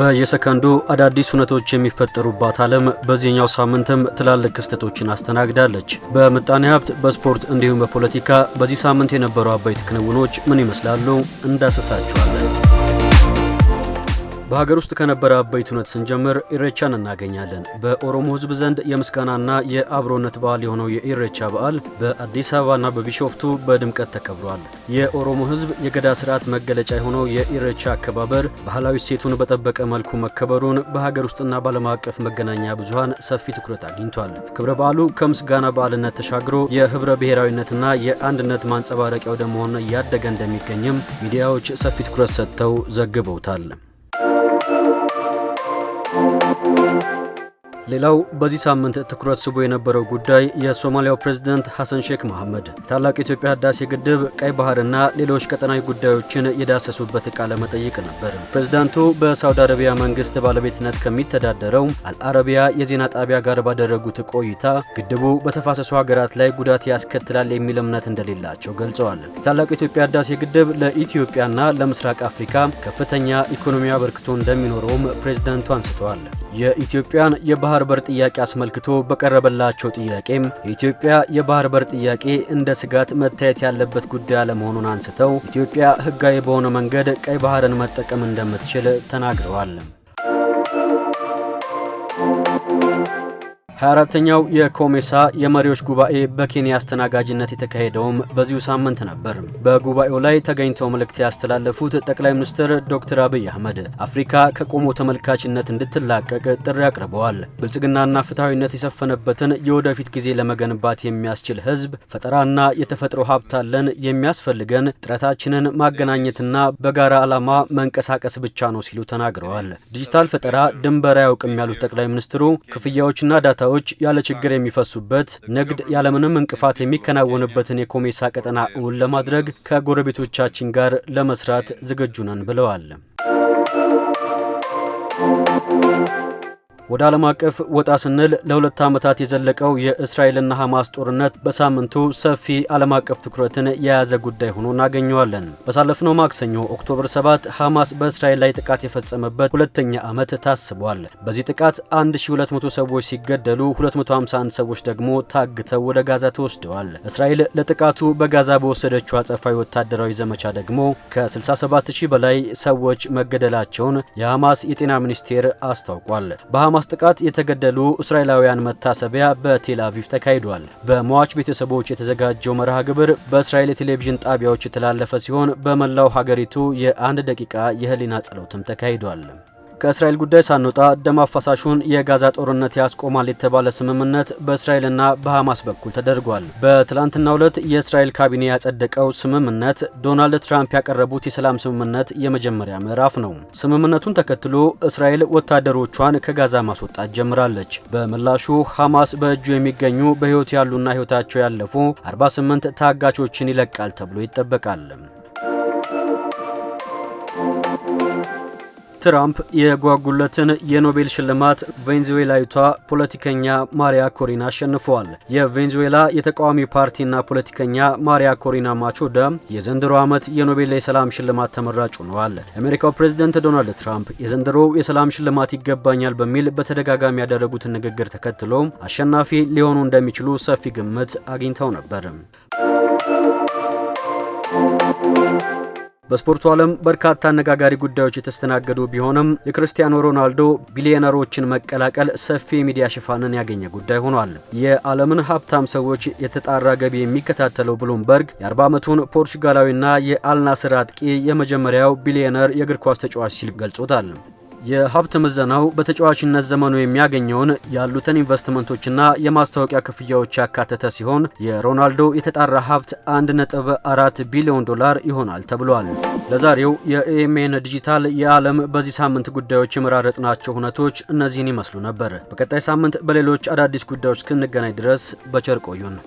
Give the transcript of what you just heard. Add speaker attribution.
Speaker 1: በየሰከንዱ አዳዲስ ሁነቶች የሚፈጠሩባት ዓለም በዚህኛው ሳምንትም ትላልቅ ክስተቶችን አስተናግዳለች። በምጣኔ ሀብት፣ በስፖርት እንዲሁም በፖለቲካ በዚህ ሳምንት የነበሩ አበይት ክንውኖች ምን ይመስላሉ? እንዳስሳችኋለን። በሀገር ውስጥ ከነበረ አበይት ሁነት ስንጀምር ኢሬቻን እናገኛለን። በኦሮሞ ሕዝብ ዘንድ የምስጋናና የአብሮነት በዓል የሆነው የኢሬቻ በዓል በአዲስ አበባና በቢሾፍቱ በድምቀት ተከብሯል። የኦሮሞ ሕዝብ የገዳ ስርዓት መገለጫ የሆነው የኢሬቻ አከባበር ባህላዊ እሴቱን በጠበቀ መልኩ መከበሩን በሀገር ውስጥና በዓለም አቀፍ መገናኛ ብዙሃን ሰፊ ትኩረት አግኝቷል። ክብረ በዓሉ ከምስጋና በዓልነት ተሻግሮ የህብረ ብሔራዊነትና የአንድነት ማንጸባረቂያ ወደ እያደገ እንደሚገኝም ሚዲያዎች ሰፊ ትኩረት ሰጥተው ዘግበውታል። ሌላው በዚህ ሳምንት ትኩረት ስቦ የነበረው ጉዳይ የሶማሊያው ፕሬዝዳንት ሐሰን ሼክ መሐመድ የታላቁ የኢትዮጵያ ህዳሴ ግድብ፣ ቀይ ባህርና ሌሎች ቀጠናዊ ጉዳዮችን የዳሰሱበት ቃለ መጠይቅ ነበር። ፕሬዝዳንቱ በሳውዲ አረቢያ መንግስት ባለቤትነት ከሚተዳደረው አልአረቢያ የዜና ጣቢያ ጋር ባደረጉት ቆይታ ግድቡ በተፋሰሱ ሀገራት ላይ ጉዳት ያስከትላል የሚል እምነት እንደሌላቸው ገልጸዋል። የታላቁ የኢትዮጵያ ህዳሴ ግድብ ለኢትዮጵያና ለምስራቅ አፍሪካ ከፍተኛ ኢኮኖሚ አበርክቶ እንደሚኖረውም ፕሬዝዳንቱ አንስተዋል። የኢትዮጵያን የባህር የባህር በር ጥያቄ አስመልክቶ በቀረበላቸው ጥያቄም የኢትዮጵያ የባህር በር ጥያቄ እንደ ስጋት መታየት ያለበት ጉዳይ አለመሆኑን አንስተው ኢትዮጵያ ሕጋዊ በሆነ መንገድ ቀይ ባህርን መጠቀም እንደምትችል ተናግረዋል። 24ተኛው የኮሜሳ የመሪዎች ጉባኤ በኬንያ አስተናጋጅነት የተካሄደውም በዚሁ ሳምንት ነበር። በጉባኤው ላይ ተገኝተው መልእክት ያስተላለፉት ጠቅላይ ሚኒስትር ዶክተር አብይ አህመድ አፍሪካ ከቆሞ ተመልካችነት እንድትላቀቅ ጥሪ አቅርበዋል። ብልጽግናና ፍትሐዊነት የሰፈነበትን የወደፊት ጊዜ ለመገንባት የሚያስችል ህዝብ ፈጠራና የተፈጥሮ ሀብት አለን። የሚያስፈልገን ጥረታችንን ማገናኘትና በጋራ ዓላማ መንቀሳቀስ ብቻ ነው ሲሉ ተናግረዋል። ዲጂታል ፈጠራ ድንበር አያውቅም ያሉት ጠቅላይ ሚኒስትሩ ክፍያዎችና ዳታ ተፈናቃዮች ያለ ችግር የሚፈሱበት ንግድ ያለምንም እንቅፋት የሚከናወንበትን የኮሜሳ ቀጠና እውን ለማድረግ ከጎረቤቶቻችን ጋር ለመስራት ዝግጁ ነን ብለዋል። ወደ ዓለም አቀፍ ወጣ ስንል ለሁለት ዓመታት የዘለቀው የእስራኤልና ሐማስ ጦርነት በሳምንቱ ሰፊ ዓለም አቀፍ ትኩረትን የያዘ ጉዳይ ሆኖ እናገኘዋለን። በሳለፍነው ማክሰኞ ኦክቶበር 7 ሐማስ በእስራኤል ላይ ጥቃት የፈጸመበት ሁለተኛ ዓመት ታስቧል። በዚህ ጥቃት 1200 ሰዎች ሲገደሉ 251 ሰዎች ደግሞ ታግተው ወደ ጋዛ ተወስደዋል። እስራኤል ለጥቃቱ በጋዛ በወሰደችው አጸፋዊ ወታደራዊ ዘመቻ ደግሞ ከ67000 በላይ ሰዎች መገደላቸውን የሐማስ የጤና ሚኒስቴር አስታውቋል። በሐማስ ጥቃት የተገደሉ እስራኤላውያን መታሰቢያ በቴል አቪቭ ተካሂዷል። በሟች ቤተሰቦች የተዘጋጀው መርሃ ግብር በእስራኤል የቴሌቪዥን ጣቢያዎች የተላለፈ ሲሆን በመላው ሀገሪቱ የአንድ ደቂቃ የህሊና ጸሎትም ተካሂዷል። ከእስራኤል ጉዳይ ሳንወጣ ደም አፋሳሹን የጋዛ ጦርነት ያስቆማል የተባለ ስምምነት በእስራኤልና በሐማስ በኩል ተደርጓል። በትላንትናው ዕለት የእስራኤል ካቢኔ ያጸደቀው ስምምነት ዶናልድ ትራምፕ ያቀረቡት የሰላም ስምምነት የመጀመሪያ ምዕራፍ ነው። ስምምነቱን ተከትሎ እስራኤል ወታደሮቿን ከጋዛ ማስወጣት ጀምራለች። በምላሹ ሐማስ በእጁ የሚገኙ በሕይወት ያሉና ሕይወታቸው ያለፉ 48 ታጋቾችን ይለቃል ተብሎ ይጠበቃል። ትራምፕ የጓጉለትን የኖቤል ሽልማት ቬንዙዌላዊቷ ፖለቲከኛ ማሪያ ኮሪና አሸንፈዋል። የቬንዙዌላ የተቃዋሚ ፓርቲና ፖለቲከኛ ማሪያ ኮሪና ማቹዳ የዘንድሮ ዓመት የኖቤል የሰላም ሽልማት ተመራጭ ሆነዋል። የአሜሪካው ፕሬዝደንት ዶናልድ ትራምፕ የዘንድሮ የሰላም ሽልማት ይገባኛል በሚል በተደጋጋሚ ያደረጉትን ንግግር ተከትሎ አሸናፊ ሊሆኑ እንደሚችሉ ሰፊ ግምት አግኝተው ነበር። በስፖርቱ ዓለም በርካታ አነጋጋሪ ጉዳዮች የተስተናገዱ ቢሆንም የክርስቲያኖ ሮናልዶ ቢሊዮነሮችን መቀላቀል ሰፊ የሚዲያ ሽፋንን ያገኘ ጉዳይ ሆኗል። የዓለምን ሀብታም ሰዎች የተጣራ ገቢ የሚከታተለው ብሉምበርግ የ40 ዓመቱን ፖርቹጋላዊና የአልናስር አጥቂ የመጀመሪያው ቢሊዮነር የእግር ኳስ ተጫዋች ሲል ገልጾታል። የሀብት ምዘናው በተጫዋችነት ዘመኑ የሚያገኘውን ያሉትን ኢንቨስትመንቶችና የማስታወቂያ ክፍያዎች ያካተተ ሲሆን የሮናልዶ የተጣራ ሀብት 1.4 ቢሊዮን ዶላር ይሆናል ተብሏል። ለዛሬው የኤኤምኤን ዲጂታል የዓለም በዚህ ሳምንት ጉዳዮች የመራረጥናቸው ሁነቶች እነዚህን ይመስሉ ነበር። በቀጣይ ሳምንት በሌሎች አዳዲስ ጉዳዮች እስክንገናኝ ድረስ በቸር ቆዩን።